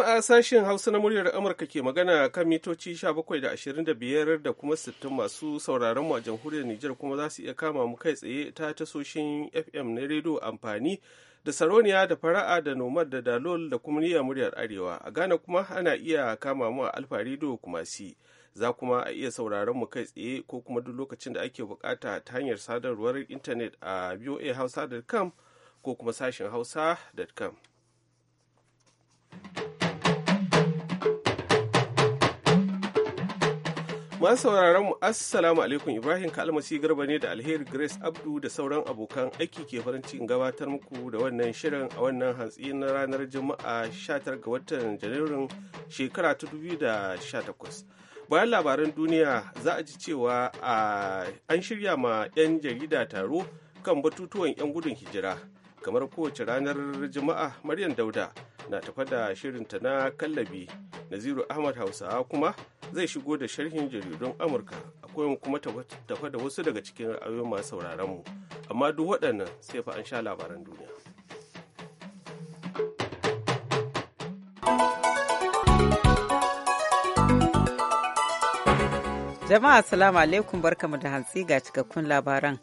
jama'a sashen hausa na muryar amurka ke magana kan mitoci 17 da 25 da kuma 60 masu sauraron mu a jamhuriyar nijar kuma za su iya kama mu kai tsaye ta tasoshin fm na rediyo amfani da saroniya da fara'a da nomad da dalol da kuma niyyar muryar arewa a ghana kuma ana iya kama mu a alfa rediyo kuma si za kuma a iya sauraron mu kai tsaye ko kuma duk lokacin da ake bukata ta hanyar sadarwar intanet a voahausa.com ko kuma sashen hausa.com Masu sauraron mu Assalamu alaikum Ibrahim Kalmasi Garba ne da Alheri Grace Abdu da sauran abokan aiki ke farin cikin gabatar muku da wannan shirin a wannan hantsi na ranar Juma'a 19 ga watan Janairun shekara ta 2018. Bayan labaran duniya za a ji cewa an shirya ma 'yan jarida taro kan batutuwan 'yan gudun hijira. kamar kowace ranar juma'a maryam dauda na tafa da shirinta na kallabi naziru ahmad hausawa kuma zai shigo da sharhin jaridun amurka akwai koyon kuma tafa da wasu daga cikin ra'ayoyin masu sauraron mu amma duk waɗannan sai fa an sha labaran duniya jama'a assalamu alaikum barkamu da hantsi ga cikakkun labaran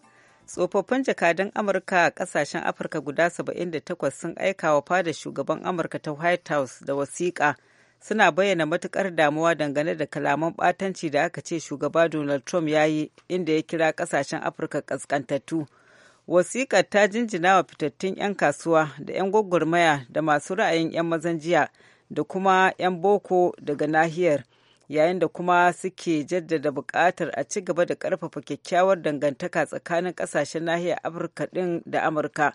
tsofaffin jakadun amurka a kasashen afirka guda 78 sun aika wa fada shugaban amurka ta white house da wasiƙa suna bayyana matukar damuwa dangane da kalaman ɓatanci da aka ce shugaba donald trump ya yi inda ya kira kasashen afirka kaskantattu wasiƙar ta jinjina wa fitattun 'yan kasuwa da 'yan gwagwarmaya da masu ra'ayin 'yan mazan jiya da kuma 'yan boko daga nahiyar yayin da kuma suke jaddada buƙatar a ci gaba da ƙarfafa kyakkyawar dangantaka tsakanin ƙasashen nahiyar afirka ɗin da amurka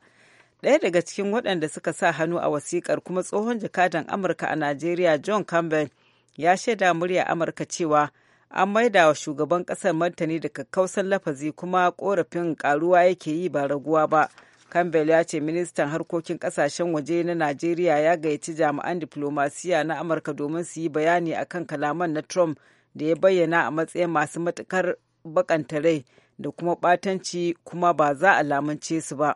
ɗaya daga cikin waɗanda suka sa hannu a wasiƙar kuma tsohon jakadan amurka a najeriya john campbell ya shaida murya amurka cewa an maida wa shugaban ƙasar martani da kakkausan lafazi kuma ƙorafin ƙaruwa yake yi ba raguwa ba Campbell ya ce ministan harkokin kasashen waje na Najeriya ya gayyaci jami'an diplomasiya na Amurka domin su yi bayani akan kalaman na Trump da ya bayyana a matsayin masu matukar bakanta rai da kuma batanci kuma ba za a lamance su ba.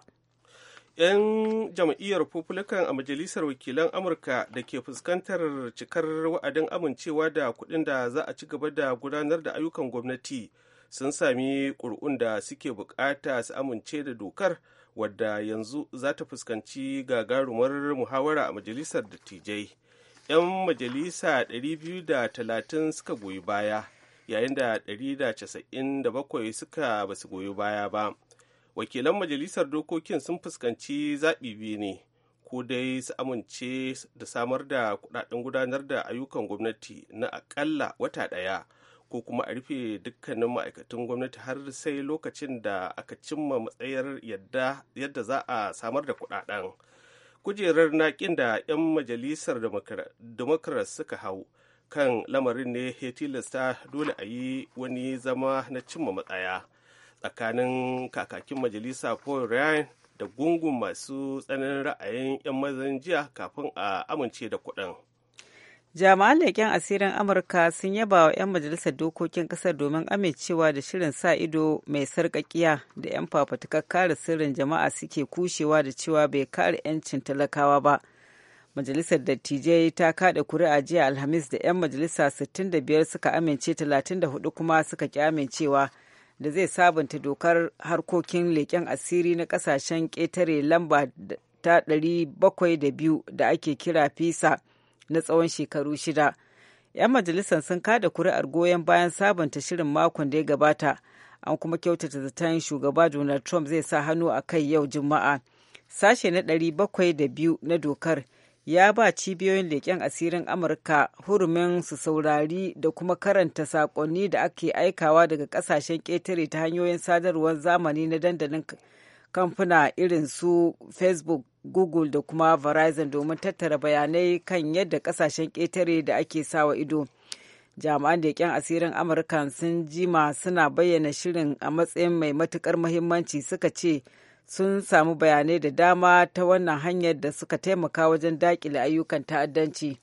'Yan jam'iyyar Republican a Majalisar Wakilan Amurka da ke fuskantar cikar wa'adin amincewa da kuɗin da za a ci gaba da gudanar da ayyukan gwamnati sun sami ƙuri'un da suke bukata su amince da dokar. wadda yanzu za ta fuskanci gagarumar muhawara a majalisar dattijai 'yan majalisa 230 suka goyi baya yayin da 197 suka basu goyi baya ba wakilan majalisar dokokin sun fuskanci zaɓi biyu ne ko dai su amince da samar da kudaden gudanar da ayyukan gwamnati na akalla wata ɗaya ko kuma a rufe dukkanin ma'aikatan gwamnati har sai lokacin da aka cimma matsayar yadda za a samar da kudaden kujerar naƙin da 'yan majalisar democrats suka hau kan lamarin ne ya tilasta dole a yi wani zama na cimma matsaya tsakanin kakakin majalisa paul ryan da gungun masu tsananin ra'ayin 'yan mazan jiya kafin a amince da kuɗin. jami'an leƙen asirin amurka sun yaba wa 'yan majalisar dokokin ƙasar domin amincewa da shirin sa ido mai sarƙaƙiya da 'yan fafatukar kare sirrin jama'a suke kushewa da cewa bai kare 'yancin talakawa ba majalisar dattijai ta kada kuri'a jiya alhamis da 'yan majalisa 65 suka amince 34 kuma suka ki amincewa da zai sabunta dokar harkokin leƙen asiri na ƙasashen ƙetare lamba ta 702 da ake kira fisa na tsawon shekaru shida. 'Yan majalisar sun kada kuri'ar goyon bayan sabunta shirin makon da ya gabata, an kuma kyautata zaton shugaba Donald Trump zai sa hannu a kai yau Juma'a. Sashe na ɗari bakwai da biyu na dokar ya ba cibiyoyin leƙen asirin Amurka hurumin su saurari da kuma karanta saƙonni da ake aikawa daga ƙasashen ƙetare ta hanyoyin sadarwar zamani na dandalin kamfuna irin su facebook google da kuma verizon domin tattara bayanai kan yadda kasashen ƙetare da ake sawa ido jami'an leƙen asirin amurka sun jima suna bayyana shirin a matsayin mai matuƙar muhimmanci suka ce sun samu bayanai da dama ta wannan hanyar da suka taimaka wajen daƙile ayyukan ta'addanci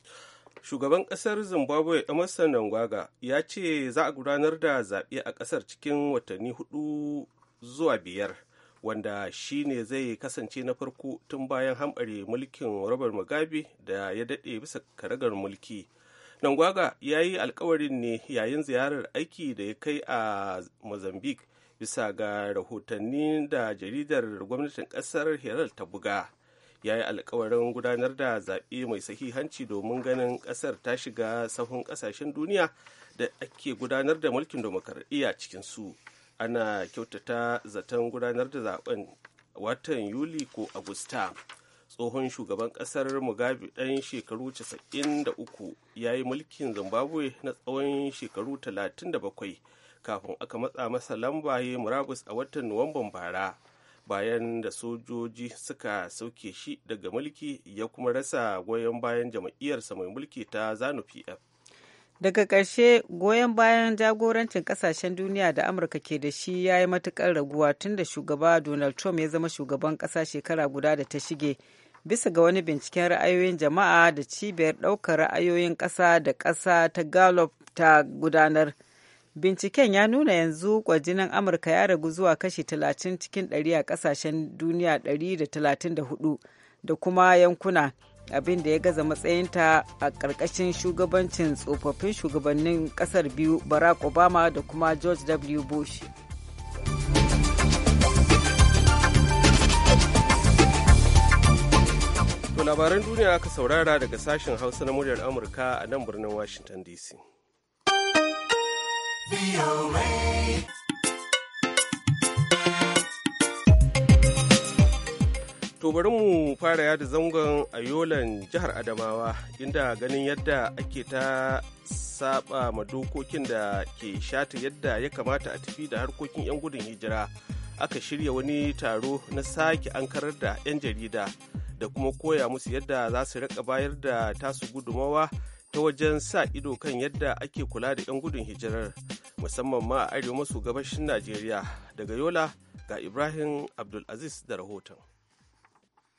shugaban ƙasar zimbabwe emerson nangwaga ya ce za a gudanar da zaɓe a ƙasar cikin watanni hudu zuwa biyar wanda shi ne zai kasance na farko tun bayan hamɓare mulkin robert mugabe da ya daɗe bisa karagar mulki nangwaga ya yi alkawarin ne yayin ziyarar aiki da ya kai a mozambique bisa ga rahotanni da jaridar gwamnatin ƙasar herald ta buga ya yi alkawarin gudanar da zaɓe mai sahihanci domin ganin ƙasar ta shiga sahun ƙasashen duniya da ake gudanar da mulkin cikin cikinsu ana kyautata zaton gudanar da zaben watan yuli ko agusta tsohon shugaban kasar mugabe ɗan shekaru 93 ya yi mulkin zimbabwe na tsawon shekaru 37 kafin aka matsa masa lambaye murabus a watan nuwamban bara bayan da sojoji suka sauke shi daga mulki ya kuma rasa goyon bayan jam'iyyarsa mai mulki ta zanu pf daga ƙarshe goyon bayan jagorancin ƙasashen duniya da amurka ke da shi ya yi matuƙar raguwa tun da shugaba donald trump ya zama shugaban ƙasa shekara guda da ta shige bisa ga wani binciken ra'ayoyin jama'a da cibiyar ɗaukar ra'ayoyin ƙasa da ƙasa ta gallup ta gudanar binciken ya nuna yanzu kwajinan amurka ya ragu zuwa kashi 30 cikin 100 a ƙasashen duniya da 134 da kuma yankuna abin da ya gaza matsayinta a ƙarƙashin shugabancin tsofaffin shugabannin ƙasar biyu barack obama da kuma george w bush To labaran duniya aka saurara daga sashen hausa na muryar amurka a nan birnin washington dc. To bari mu fara yada zangon a Yolan jihar Adamawa inda ganin yadda ake ta saba ma dokokin da ke shata yadda ya kamata a tafi da harkokin 'yan gudun hijira aka shirya wani taro na sake ankarar da 'yan jarida da kuma koya musu yadda za su rika bayar da tasu gudumawa ta wajen sa ido kan yadda ake kula da 'yan gudun hijirar musamman ma a arewa maso gabashin Najeriya daga Yola ga Ibrahim Abdulaziz da rahoton.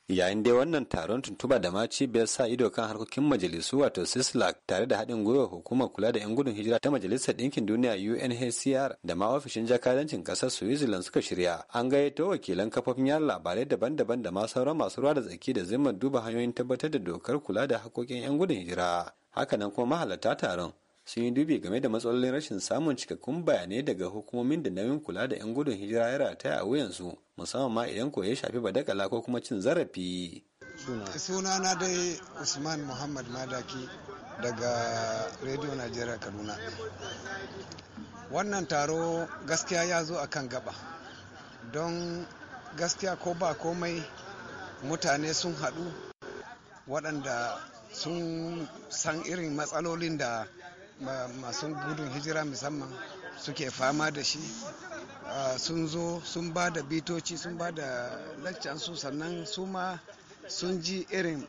yayin dai wannan taron tuntuba da ma cibiyar sa ido kan harkokin majalisu wato sislak tare da haɗin gwiwar hukumar kula da 'yan gudun hijira ta majalisar ɗinkin duniya unhcr da ma ofishin jakadancin ƙasar switzerland suka shirya an gayyato wakilan kafofin yara labarai daban-daban da ma sauran masu ruwa da tsaki da zimmar duba hanyoyin tabbatar da dokar kula da harkokin 'yan gudun hijira hakanan kuma mahalarta taron sun yi dubi game da matsalolin rashin samun cikakkun bayanai daga hukumomin da nauyin kula da 'yan gudun hijira ya rataya a wuyansu musamman ma idan ko ya shafi badakala ko kuma cin zarafi. suna na dai usman muhammad madaki daga radio nigeria kaduna wannan taro gaskiya ya zo a kan gaba don gaskiya ko ba komai mutane sun haɗu waɗanda sun san irin matsalolin da masu gudun hijira musamman suke fama da shi sun zo sun ba da bitoci sun ba da su sannan su ma sun ji irin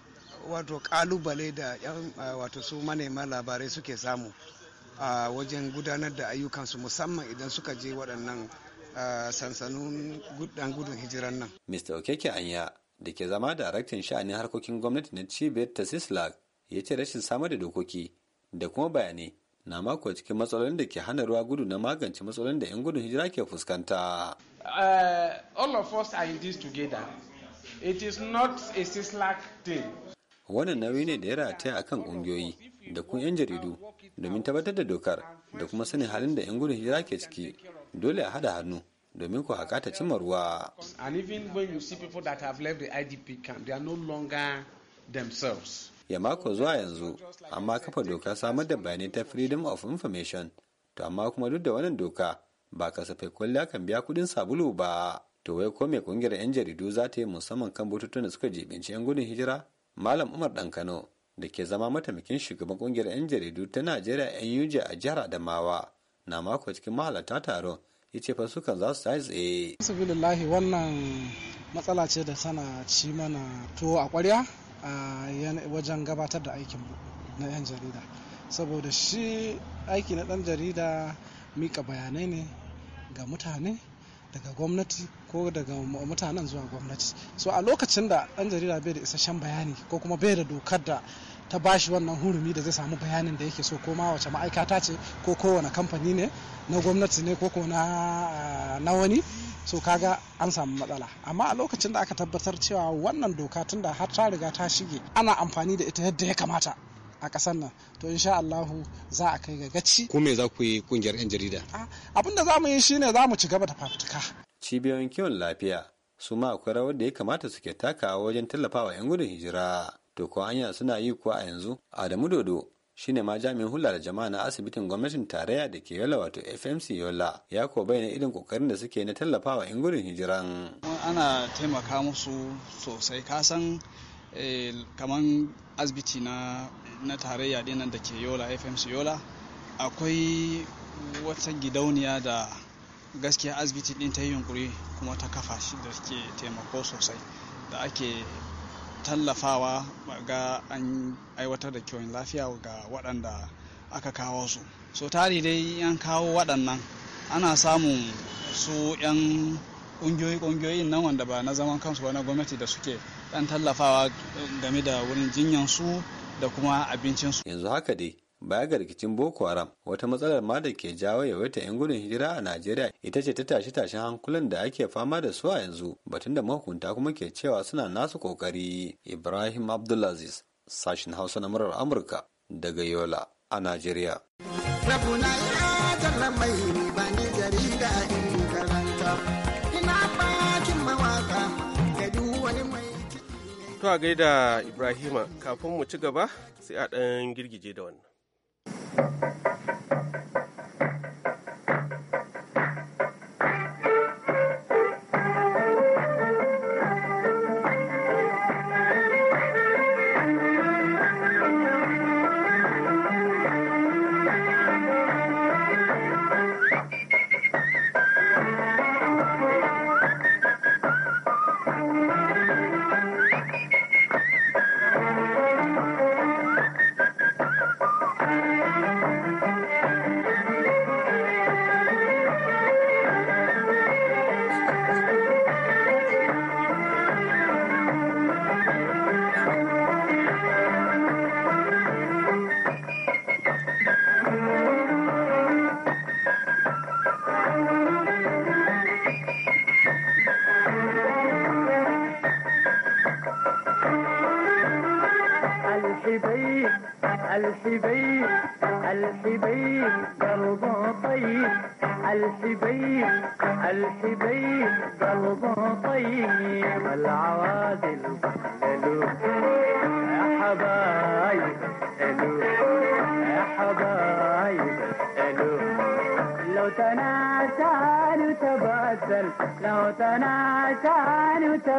wato kalubale da yan wato su manema labarai suke samu a wajen gudanar da ayyukansu musamman idan suka je waɗannan sansanin gudan gudun hijiran nan. Mr. Okeke Anya da ke zama daraktan sha'anin harkokin gwamnati na cibiyar ta Sislak ya ce rashin samar da dokoki da kuma bayanai na mako cikin matsalolin da ke hana ruwa gudu na magance matsalolin da 'yan gudun hijira ke fuskanta. Uh, all of us are in this together. It is not a slack thing. Wannan nauyi ne da ya rataya a kan ƙungiyoyi da kuma 'yan jaridu domin tabbatar da dokar da kuma sanin halin da 'yan gudun hijira ke ciki dole a haɗa hannu domin ku haƙa ta cimma ruwa. And even when you see people that have left the IDP camp, they are no longer themselves. ya mako zuwa yanzu amma kafa doka samar da bayanai ta freedom of information to amma kuma duk da wannan doka ba kasafai kwalliya kan biya kudin sabulu ba to wai ko mai kungiyar yan jaridu za ta yi musamman kan bututun da suka jibinci yan gudun hijira malam umar dan kano da ke zama mataimakin shugaban kungiyar yan jaridu ta najeriya yan yuja a jihar adamawa na mako cikin mahalarta taron ya ce fa sukan za su sa tsaye. wannan matsala ce da sana ci mana tuwo a kwarya wajen gabatar da aikin na 'yan jarida saboda shi aiki na dan jarida mika bayanai ne ga mutane daga gwamnati ko daga mutanen zuwa gwamnati so a lokacin da dan jarida bai da isasshen bayani ko kuma bai da dokar da ta bashi wannan hurumi da zai samu bayanin da yake so ko ma wace ma'aikata ce ko kowane kamfani ne na gwamnati ne ko ah, na wani so kaga an samu matsala amma a lokacin da aka tabbatar cewa wannan doka tunda har ta riga ta shige ana amfani da ita yadda ya kamata a ƙasar nan to insha Allahu za a kai ga gaci ko me za ku yi kungiyar 'yan jarida ah, abin da za mu yi shine za mu ci gaba da fafutuka cibiyoyin kiwon lafiya su ma akwai rawar da ya kamata ke takawa wajen tallafawa 'yan gudun hijira to ko anya suna yi kuwa a yanzu adamu dodo shine ma jami'in hula da jama'a na asibitin gwamnatin tarayya da ke yola wato fmc yola ya ko bayyana irin kokarin da suke na tallafawa yan gudun hijiran ana taimaka musu sosai kasan eh, kaman asibiti na na tarayya dinan da ke yola fmc yola akwai wata gidauniya da gaskiya asibiti din ta yi yunkuri kuma ta kafa shi da ke taimako sosai da ake tallafawa ga an aiwatar da kiwon lafiya ga waɗanda aka kawo su so tari dai yan kawo waɗannan ana samun su yan ƙungiyoyi-ƙungiyoyin nan wanda ba na zaman kansu ba na gwamnati da suke ɗan tallafawa game da wurin jinyansu da kuma abincinsu yanzu haka dai baya ga rikicin boko haram wata matsalar ma da ke jawo yawaita 'yan gudun hijira a najeriya ita ce ta tashi tashen hankulan da ake fama da su a yanzu batun da mahukunta kuma ke cewa suna nasu kokari ibrahim abdulaziz sashin hausa na murar amurka daga yola a najeriya To a gaida Ibrahima kafin mu ci gaba sai a ɗan girgije da wannan. Thank you.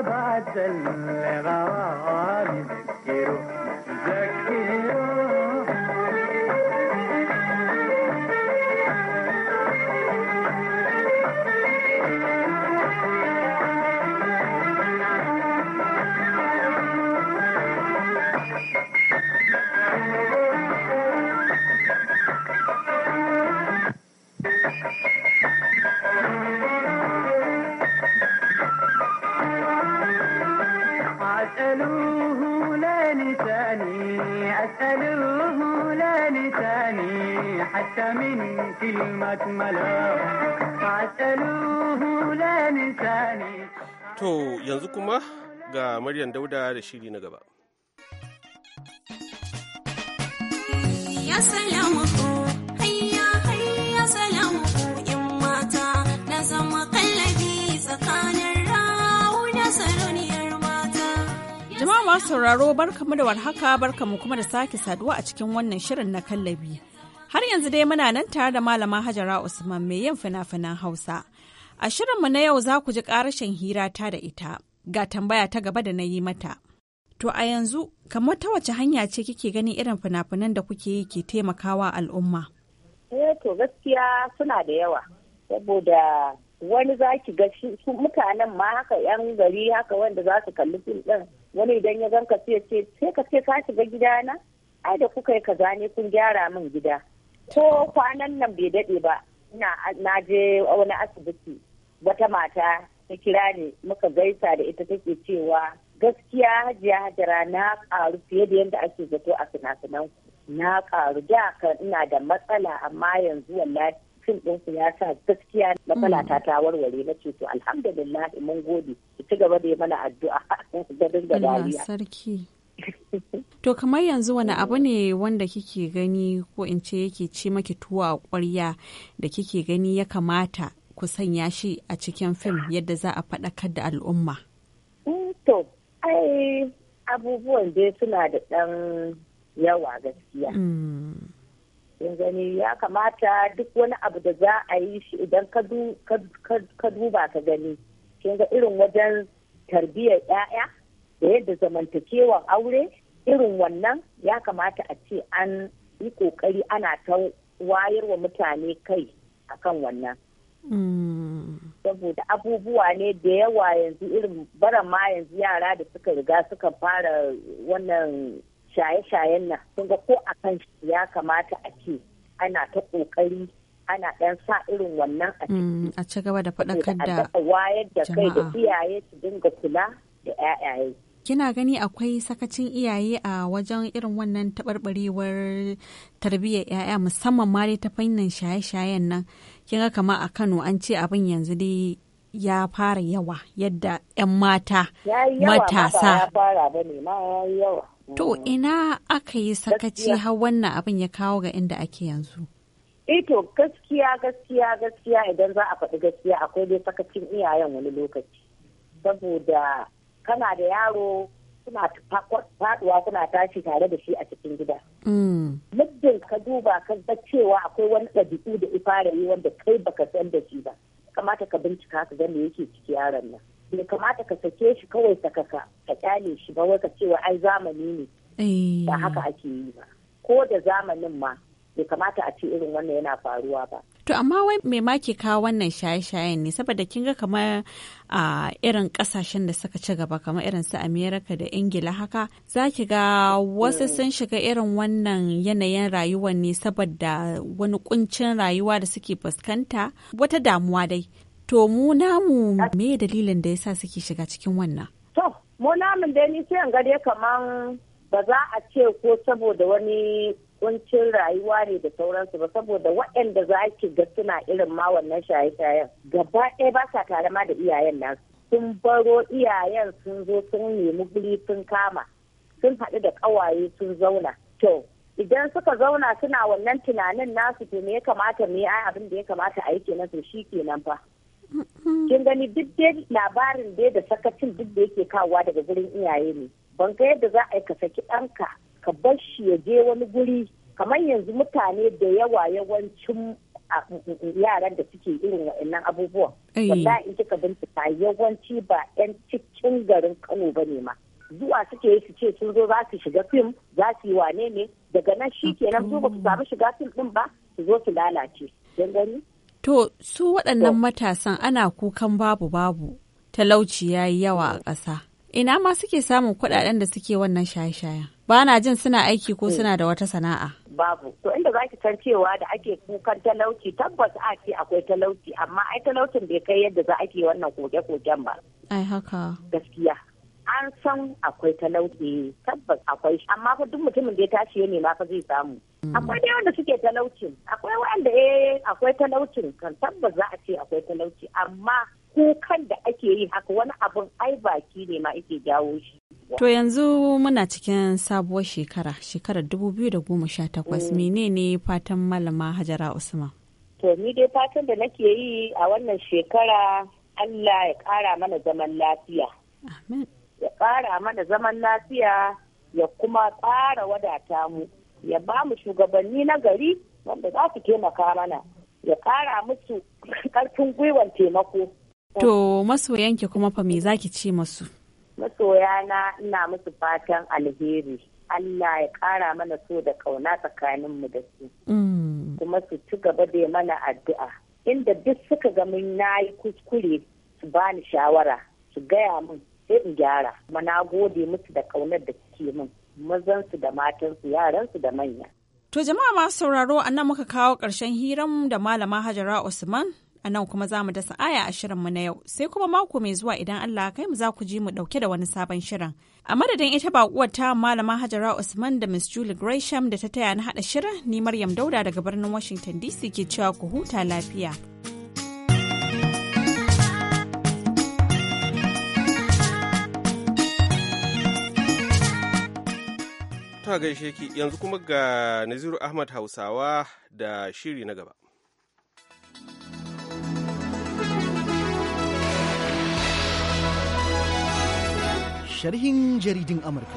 badal le never. Maryam Dauda da shiri na gaba. mata na zama kallabi tsakanin mata. Jama'a masu sauraro barkamu da warhaka barkamu kuma da sake saduwa a cikin wannan shirin na kallabi. Har yanzu dai muna nan tare da malama Hajara Usman mai yin fina-finan Hausa. A shirinmu na yau za ku ji ƙarashin hira ta da ita. Ga tambaya ta gaba da na yi mata. To a yanzu, kamar ta wace hanya ce kike gani irin fina-finan da kuke yi ke taimakawa al'umma? Eh to gaskiya suna da yawa, saboda wani za ki ga su mutanen ma haka yan gari haka wanda za su kalli fim ɗin wani idan ya ganka sai ce sai ka ce ka shiga gidana ai da kuka yi ka ne kun gyara min gida ko kwanan nan bai daɗe ba ina na je wani asibiti wata mata ta kira ni muka gaisa da ita take cewa gaskiya hajiya hajara na karu fiye da yadda ake zato a ku na karu da kan ina da matsala amma yanzu wallahi fim ɗinku ya sa gaskiya matsala ta mm. ta warware na ce to alhamdulillah mun gode ki ci gaba da yi mana addu'a da dinga dariya sarki to kamar yanzu wani abu ne wanda kike gani ko in ce yake ci maki tuwa a da kike gani ya kamata ku sanya shi a cikin fim yadda za a faɗakar da al'umma? Eh, to, ai abubuwan dai suna da ɗan yawa gaskiya. Mm. In gani ya kamata duk wani abu da za a yi shi idan ka duba ka gani. Kin ga irin wajen tarbiyyar 'ya'ya da yadda zamantakewan aure irin wannan ya kamata a ce an yi ƙoƙari ana ta wayar wa mutane kai akan wannan. saboda abubuwa ne da yawa yanzu irin bara ma yanzu yara da suka riga suka fara wannan shaye-shayen nan sun ga ko a kan ya kamata a ce ana ta kokari ana ɗan sa irin wannan a mm, a ci gaba da faɗakar da wayar da kai da iyaye su dinga kula da 'ya'yaye kina gani akwai sakacin iyaye a wajen irin wannan taɓarɓarewar tarbiyyar 'ya'ya musamman ma dai ta fannin shaye-shayen nan kin ga kama a Kano an ce abin yanzu dai ya fara yawa yadda 'yan mata matasa. To ina aka yi sakaci har wannan abin ya kawo ga inda ake yanzu. Ito eh gaskiya gaskiya gaskiya idan za a faɗi gaskiya akwai dai sakacin iyayen wani lokaci. Saboda kana da yaro suna faduwa suna tashi tare da shi a cikin gida. Mm. Muddin ka duba ka ga cewa akwai wani ɗabi'u da fara yi wanda kai baka san da shi ba. Kamata ka bincika ka ga yake ciki yaron nan. Bai kamata ka sake shi kawai sakaka ka kyale shi ba wai ka cewa ai zamani ne. Eh. Ba haka ake yi ba. Ko da zamanin ma bai kamata a ce irin wannan yana faruwa ba. To amma wai me ma ke kawo wannan shaye-shayen ne saboda kin ga kamar a irin kasashen da suka ci gaba kamar irin su Amerika da Ingila haka za ki ga wasu sun shiga irin wannan yanayin rayuwa ne saboda wani kuncin rayuwa da suke fuskanta wata damuwa dai. To mu namu me dalilin da yasa suke shiga cikin wannan? To mu namun dai ni sai ga dai kaman ba za a ce ko saboda wani kuncin rayuwa ne da sauransu ba saboda waɗanda za ki ga suna irin ma wannan shaye-shayen gaba ɗaya ba sa tare ma da iyayen nasu sun baro iyayen sun zo sun nemi guri sun kama sun haɗu da ƙawaye sun zauna to idan suka zauna suna wannan tunanin nasu to me ya kamata me ai abin da ya kamata a yi kenan to shi kenan fa kin gani duk dai labarin dai da sakacin duk da yake kawowa daga gurin iyaye ne ban ga yadda za a yi ka saki ɗanka ka bar shi ya je wani guri kamar yanzu mutane da yawa yawancin yaran da suke irin wa'annan abubuwan wanda in kika bincika yawanci ba 'yan cikin garin kano ba ne ma zuwa suke yi su ce sun zo za su shiga fim za su yi wane ne daga nan shi kenan su ba su samu shiga fim din ba su zo su lalace don to su waɗannan matasan ana kukan babu babu talauci ya yi yawa a ƙasa ina ma suke samun kuɗaɗen da suke wannan shaye-shayen ba na jin suna aiki ko eh. suna da wata sana'a babu to inda za ki san cewa da ake kukan talauci tabbas a ce akwai talauci amma ai talaucin bai kai yadda za a ke wannan koke-koken ba ai haka gaskiya an san akwai talauci tabbas akwai shi amma fa duk mutumin da ya tashi ya nema fa zai samu mm. akwai da wanda suke talaucin akwai wanda eh akwai talaucin kan tabbas za a ce akwai talauci amma kukan da ake yi haka wani abun ai baki ne ma ake jawo shi To yanzu muna cikin sabuwar shekara, shekarar 2018 mm. menene fatan malama Hajara Usman? To ni dai fatan da nake yi a wannan shekara Allah ya ƙara mana zaman lafiya. Ya ƙara mana zaman lafiya ya kuma ƙara wadata mu, ya ba mu shugabanni na gari wanda za su taimaka mana, ya ƙara musu ƙarfin gwiwan taimako. To masoyanki kuma fa me zaki ce masu? masoya na ina musu fatan alheri Allah ya ƙara mana so da kauna mu da su mm. kuma su ci gaba da mana addu'a inda duk suka ga mun yi kuskure su bani shawara su gaya min sai in gyara kuma na gode musu da ƙaunar da suke min mazansu da matansu yaransu da manya To jama'a masu sauraro a nan muka kawo ƙarshen hiran da malama Hajara Usman A nan kuma za mu dasa aya a shirin mu na yau, sai kuma mako mai zuwa idan Allah kai mu za ku ji mu ɗauke da wani sabon shirin. A madadin ita baƙuwar ta malama Hajara Usman da Miss Julie Gresham da ta taya na haɗa shirin, ni Maryam Dauda daga birnin Washington DC ke cewa ku huta lafiya. ta gaishe ki yanzu kuma ga Naziru Ahmad Hausawa da shiri na gaba. sharhin jaridin Amurka.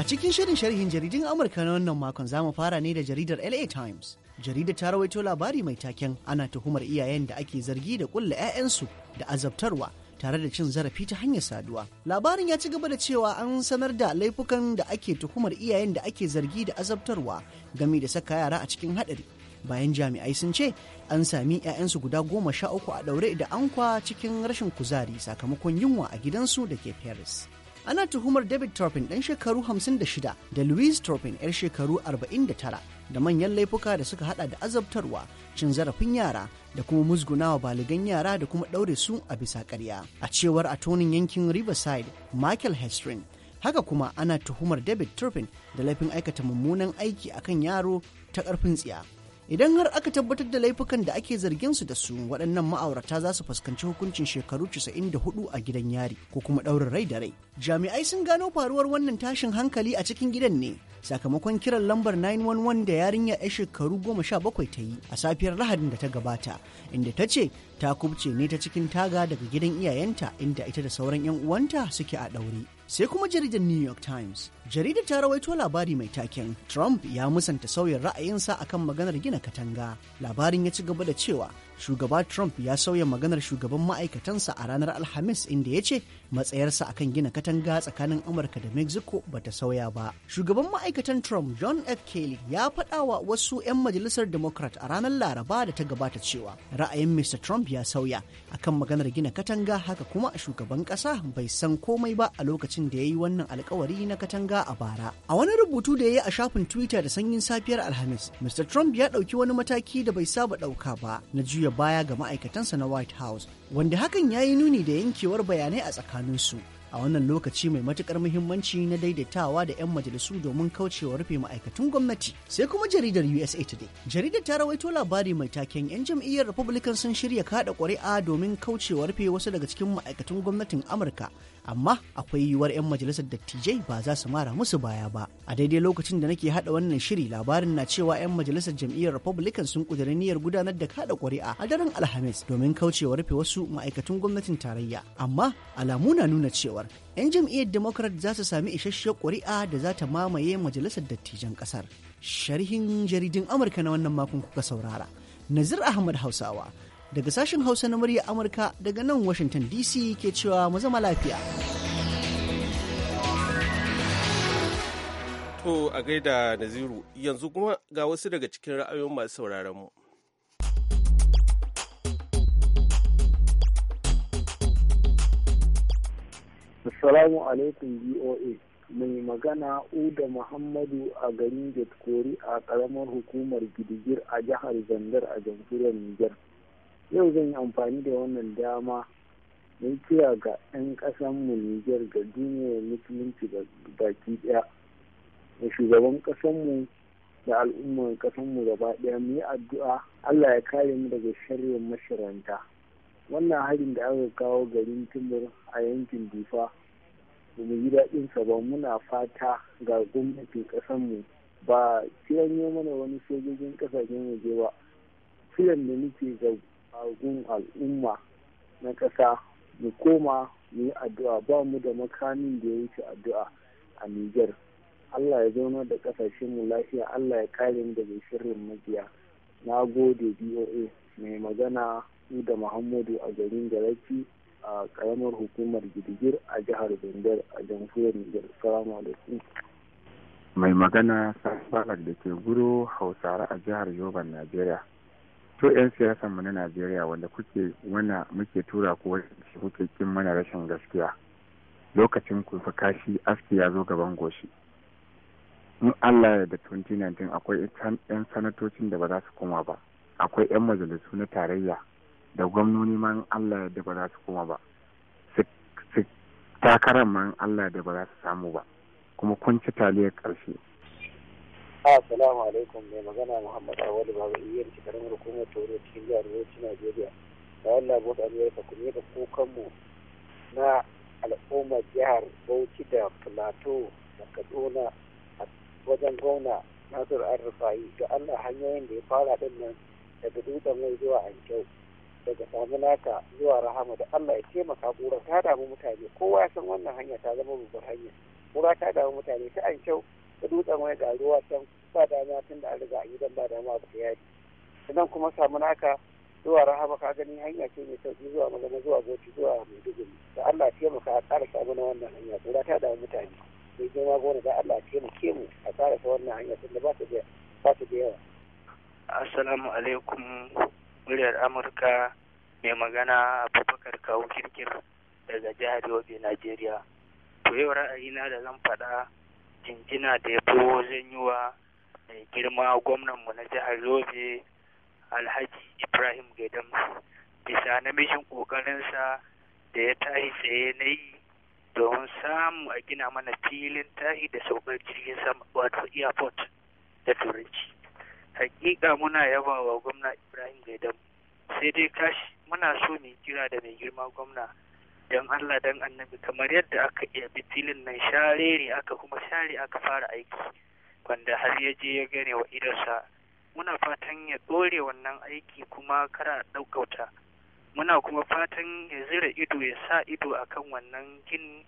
A cikin shirin sharhin jaridin Amurka na wannan makon za mu fara ne da jaridar LA Times. Jaridar ta rawaito labari mai taken ana tuhumar iyayen da ake zargi da kulle 'ya'yansu da azabtarwa tare da cin zarafi ta hanyar saduwa. Labarin ya ci gaba da cewa an sanar da laifukan da ake tuhumar iyayen da ake zargi da azabtarwa game da saka yara a cikin haɗari. Bayan jami'ai sun ce an sami 'ya'yansu guda goma sha uku a ɗaure da ankwa cikin rashin kuzari sakamakon yunwa a gidansu da ke Paris. ana tuhumar david turpin ɗan shekaru 56 da louise turpin 'yar shekaru 49 da manyan laifuka da suka hada da azabtarwa cin zarafin yara da kuma musgunawa baligan yara da kuma ɗaure su a bisa ƙarya a cewar a tonin yankin riverside michael hestrin haka kuma ana tuhumar david turpin da laifin aikata mummunan aiki akan yaro ta ƙarfin tsiya idan har aka tabbatar da laifukan da ake zargin su da su waɗannan ma'aurata za su fuskanci hukuncin shekaru 94 a gidan yari ko kuma ɗaurin rai da rai jami'ai sun gano faruwar wannan tashin hankali a cikin gidan ne sakamakon kiran lambar 911 da yarinya 'ya shekaru 17 ta yi a safiyar lahadin da ta gabata inda ta ce ta kubce ne ta cikin taga daga gidan iyayenta inda ita da sauran 'yan uwanta suke a ɗaure sai kuma jaridar New York Times. Jaridar ta rawaito labari mai taken Trump ya musanta sauyin ra'ayinsa akan maganar gina katanga. Labarin ya ci gaba da cewa shugaba trump ya sauya maganar shugaban ma'aikatansa a ranar alhamis inda ya ce matsayarsa akan gina katanga tsakanin amurka da mexico ba ta sauya ba shugaban ma'aikatan trump john f kelly ya faɗa wa wasu 'yan majalisar democrat a ranar laraba da ta gabata cewa ra'ayin mr trump ya sauya akan maganar gina katanga haka kuma shugaban ƙasa bai san komai ba a lokacin da ya yi wannan alkawari na katanga a bara a wani rubutu da ya yi a shafin twitter da sanyin safiyar alhamis mr trump ya ɗauki wani mataki da bai saba ɗauka ba na juya da baya ga ma'aikatansa na White House, wanda hakan ya yi nuni da yankewar bayanai a tsakaninsu. A wannan lokaci mai matukar muhimmanci na daidaitawa da 'yan majalisu domin kaucewa rufe ma'aikatun gwamnati. Sai kuma jaridar USA Today. Jaridar ta rawaito labari mai taken 'yan jam'iyyar Republican sun shirya kaɗa ƙuri'a domin kaucewa rufe wasu daga cikin ma'aikatun gwamnatin Amurka. amma akwai yiwuwar 'yan majalisar dattijai ba za su mara musu baya ba a daidai lokacin da nake haɗa wannan shiri labarin na cewa 'yan majalisar jam'iyyar republican sun kudiri niyyar gudanar da kaɗa ƙuri'a a daren alhamis domin kaucewa rufe wasu ma'aikatan gwamnatin tarayya amma alamu na nuna cewar 'yan jam'iyyar democrat za su sami isasshiyar ƙuri'a da za ta mamaye majalisar dattijan ƙasar sharhin jaridin amurka na wannan makon kuka saurara nazir ahmad hausawa daga sashen hausa na murya amurka daga nan washington dc ke cewa mu zama lafiya to a gaida naziru yanzu kuma ga wasu daga cikin ra'ayoyin masu sauraron mu Assalamu alaikum BOA mai magana Uda Muhammadu a garin Jatkori a karamar hukumar Gidigir a jihar Zandar a jamhuriyar Nijar. yau zan yi amfani da wannan dama don kira ga 'yan ƙasanmu nijar ga duniyar musulunci baki ɗaya da shugaban ƙasanmu da al'ummar ƙasanmu gaba ɗaya mu yi addu'a allah ya kare mu daga sharrin mashiranta wannan harin da aka kawo garin timur a yankin difa da mu yi daɗin ba muna fata ga gwamnatin ƙasanmu ba kiran mana wani sojojin ƙasashen waje ba kiran da nake ga gun al'umma na ƙasa mu koma mu yi addu'a ba mu da makamin da ya wuce addu'a a Nijar. Allah ya zauna da ƙasashen mu lafiya Allah ya kare mu daga shirin majiya. Na gode BOA mai magana su da Muhammadu a garin Garaki a ƙaramar hukumar Gidigir a jihar Bendar a jamhuriyar Nijar. Salamu alaikum. Mai magana Safarar da ke guro Hausare a jihar yoruba Najeriya. to 'yan siyasan mu na najeriya wanda kuke mana muke tura ko kuke kin mana rashin gaskiya lokacin ku fa kashi aski ya zo gaban goshi in allah da 2019 akwai 'yan sanatocin da ba za su koma ba akwai 'yan majalisu na tarayya da gwamnoni ma in allah da ba za su koma ba takarar ma in allah da ba za su samu ba kuma kun ci taliyar ƙarshe Assalamu alaikum mai magana Muhammad Awali Baba Iyar ki karamar hukumar Tauro cikin jihar Bauchi Najeriya. Da Allah Bauchi Amerika kuma yadda da kokanmu na al'ummar jihar Bauchi da Plateau da Kaduna a wajen gwamna nasiru Arfa'i ga Allah hanyoyin da ya fara din nan daga dutsen wai zuwa Ankyau daga naka zuwa Rahama da Allah ya taimaka kura ta damu mutane kowa ya san wannan hanya ta zama babbar hanya kura ta damu mutane ta Ankyau da dutsen wai ga ruwa can ba dama tun da an riga an yi dan ba dama ba ya yi idan kuma samu naka zuwa rahama ka gani hanya ce mai sauki zuwa magana zuwa goci zuwa maiduguri da allah taimaka a tsara ƙarasa na wannan hanya tsira ta damu mutane mai girma gona da allah taimake mu a tsara ta wannan hanya tun da ba su da yawa. assalamu alaikum muryar amurka mai magana abubakar kawo kirkir daga jihar yobe nigeria to yau ra'ayina da zan faɗa jinjina da yabo zan yi wa mai girma gwamnanmu na jihar yobe alhaji ibrahim gaidam bisa namijin ƙoƙarinsa da ya tahi tsaye na yi don samu a gina mana filin tahi da saukar jirgin sama wato airport da turanci hakika muna yaba wa gwamna ibrahim gaidam sai dai kashi muna so mai kira da mai girma gwamna don allah don annabi kamar yadda aka iya filin nan share aka kuma share aka fara aiki wanda har ya je ya gane wa idarsa muna fatan ya ɗore wannan aiki kuma kara ɗaukauta muna kuma fatan ya zira ido ya sa ido akan wannan gini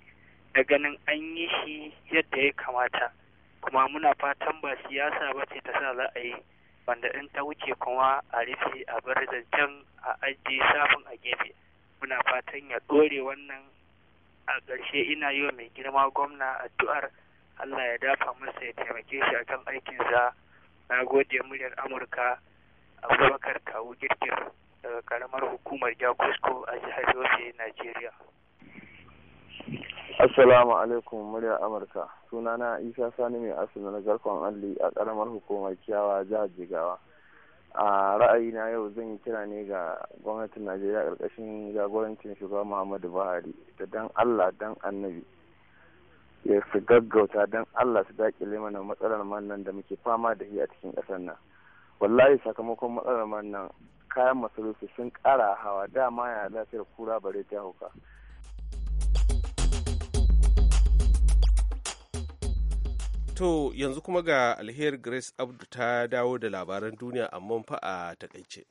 da ganin an yi shi yadda ya kamata kuma muna fatan ba siyasa ba ce ta sa za a yi wanda in ta wuce kuma a rufe a bar zancen a ajiye safin a gefe muna fatan ya ɗore wannan a ƙarshe ina yi wa mai girma gwamna addu'ar Allah ya dafa masa ya taimake shi a kan aikinsa na gode muryar Amurka Abubakar Kawu Girgir daga karamar hukumar Jakusko a jihar Yobe, Najeriya. Assalamu alaikum muryar Amurka. Sunana Isa Sani mai asali na garkon alli a karamar hukumar Kiyawa jihar Jigawa. A ra'ayina yau zan yi kira ne ga gwamnatin Najeriya ƙarƙashin jagorancin shugaba Muhammadu Buhari da dan Allah dan Annabi ya su gaggauta don Allah su dakile mana matsalar mannan da muke fama da shi a cikin ƙasar nan wallahi sakamakon matsalar manan kayan masarufi sun ƙara hawa dama ya lafiyar kura bare ta hauka to yanzu kuma ga alheri grace abdu ta dawo da labaran duniya amma fa a takaice.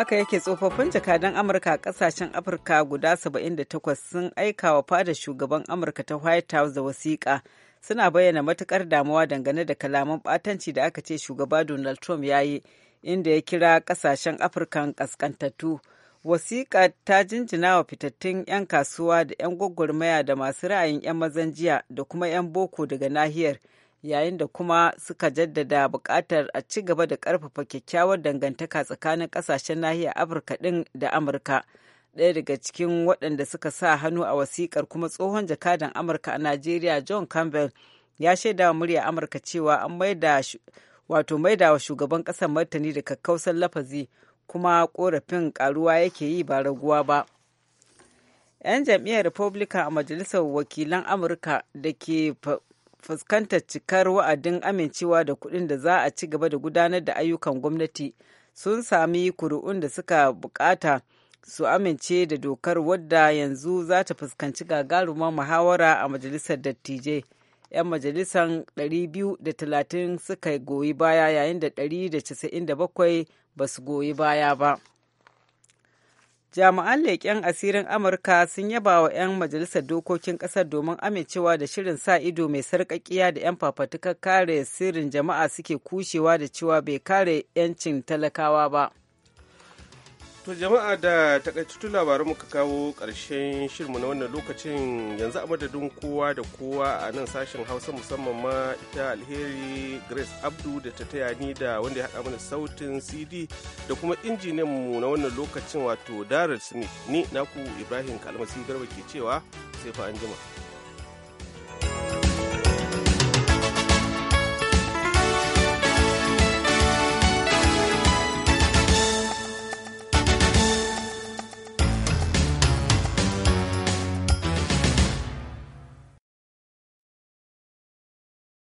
haka yake tsofaffin jakadan amurka a kasashen afirka guda 78 sun aika wa fadar shugaban amurka ta white house da wasiƙa suna bayyana matukar damuwa dangane da kalaman ɓatanci da aka ce shugaba donald trump ya yi inda ya kira kasashen afirka kaskantattu wasiƙa ta jinjina wa fitattun 'yan kasuwa da 'yan gwagwarmaya da masu ra'ayin 'yan mazan jiya da kuma 'yan boko daga nahiyar yayin da kuma suka jaddada buƙatar a ci gaba da ƙarfafa kyakkyawar dangantaka tsakanin ƙasashen nahiyar Afirka ɗin da Amurka. Ɗaya daga cikin waɗanda suka sa hannu a wasiƙar kuma tsohon jakadan Amurka a Najeriya John Campbell ya shaida wa murya Amurka cewa an maida wato maida wa shugaban ƙasar martani da kakkausan lafazi kuma korafin ƙaruwa yake yi ba raguwa ba. 'Yan jam'iyyar Republican a Majalisar Wakilan Amurka da ke fuskantar cikar wa'adin amincewa da kuɗin da za a ci gaba da gudanar da ayyukan gwamnati sun sami kuri'un da suka bukata su amince da dokar wadda yanzu za ta fuskanci gagarumar muhawara a majalisar dattijai 'yan majalisar 230 suka goyi baya yayin da 197 ba su goyi baya ba. jami'an leƙen asirin amurka sun yaba wa 'yan majalisar dokokin ƙasar domin amincewa da shirin sa ido mai sarƙaƙiya da 'yan fafatukar kare sirrin jama'a suke kushewa da cewa bai kare 'yancin talakawa ba To jama'a da takaitattun labaran muka kawo ƙarshen shirmu na wannan lokacin yanzu a madadin kowa da kowa a nan sashen Hausa musamman ma ita alheri Grace Abdu da ta taya ni da wanda ya haɗa mana sautin CD da kuma injiniyan mu na wannan lokacin wato darrell Smith ni naku Ibrahim Kalmasi Garba ke cewa sai fa an jima.